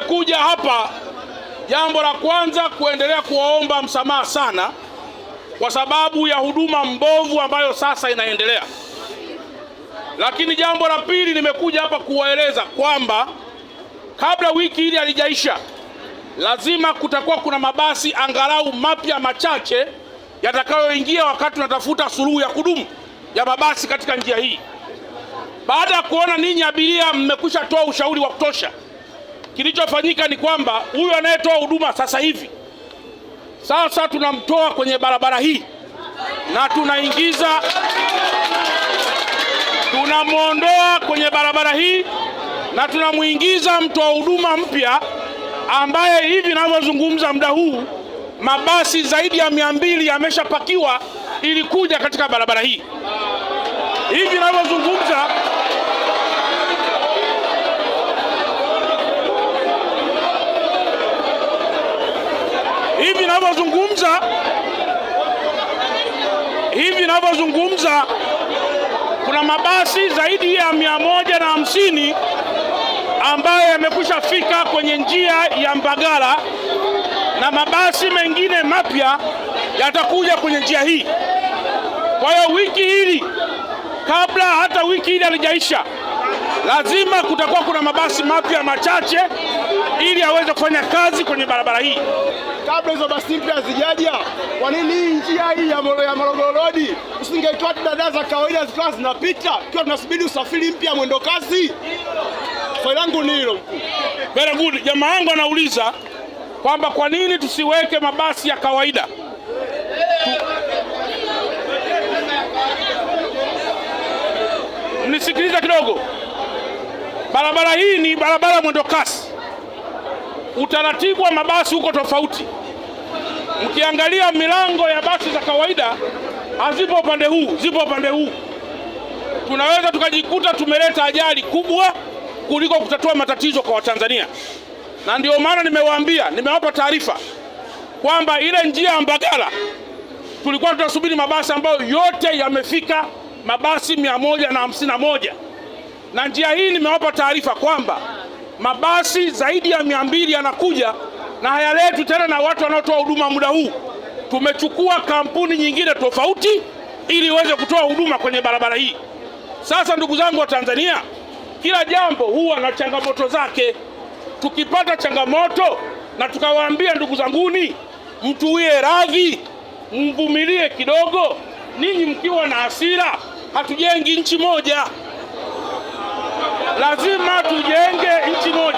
Nimekuja hapa jambo la kwanza kuendelea kuwaomba msamaha sana kwa sababu ya huduma mbovu ambayo sasa inaendelea, lakini jambo la pili nimekuja hapa kuwaeleza kwamba kabla wiki hili halijaisha, lazima kutakuwa kuna mabasi angalau mapya machache yatakayoingia wakati tunatafuta suluhu ya kudumu ya mabasi katika njia hii. Baada ya kuona ninyi abiria mmekwisha toa ushauri wa kutosha Kilichofanyika ni kwamba huyu anayetoa huduma sasa hivi, sasa tunamtoa kwenye barabara hii na tunaingiza, tunamwondoa kwenye barabara hii na tunamwingiza mtoa huduma mpya ambaye hivi ninavyozungumza muda huu mabasi zaidi ya mia mbili yameshapakiwa ili kuja katika barabara hii hivi ninavyozungumza. hivi ninavyozungumza, hivi ninavyozungumza kuna mabasi zaidi ya mia moja na hamsini ambayo yamekwisha fika kwenye njia ya Mbagala na mabasi mengine mapya yatakuja kwenye njia hii. Kwa hiyo wiki hili, kabla hata wiki hili halijaisha, lazima kutakuwa kuna mabasi mapya machache tuanze kufanya kazi kwenye barabara hii kabla hizo basi mpya hazijaja. Kwa nini hii njia hii ya Morogoro Road usingetoa dada za kawaida zikawa zinapita tukiwa tunasubiri usafiri mpya mwendo kasi? Swali langu ni hilo. Very good. Jamaa yangu anauliza kwamba kwa nini tusiweke mabasi ya kawaida Nisikiliza kidogo, barabara hii ni barabara mwendo kasi Utaratibu wa mabasi uko tofauti. Mkiangalia milango ya basi za kawaida hazipo upande huu, zipo upande huu. Tunaweza tukajikuta tumeleta ajali kubwa kuliko kutatua matatizo kwa Watanzania, na ndio maana nimewaambia, nimewapa taarifa kwamba ile njia ya Mbagala tulikuwa tunasubiri mabasi ambayo yote yamefika, mabasi mia moja na hamsini na moja na njia hii nimewapa taarifa kwamba mabasi zaidi ya mia mbili yanakuja na hayaletwi tena na watu wanaotoa huduma muda huu. Tumechukua kampuni nyingine tofauti ili iweze kutoa huduma kwenye barabara hii. Sasa ndugu zangu wa Tanzania, kila jambo huwa na changamoto zake. Tukipata changamoto na tukawaambia ndugu zanguni, mtuwie radhi, mvumilie kidogo, ninyi mkiwa na hasira hatujengi nchi moja lazima tujenge nchi moja.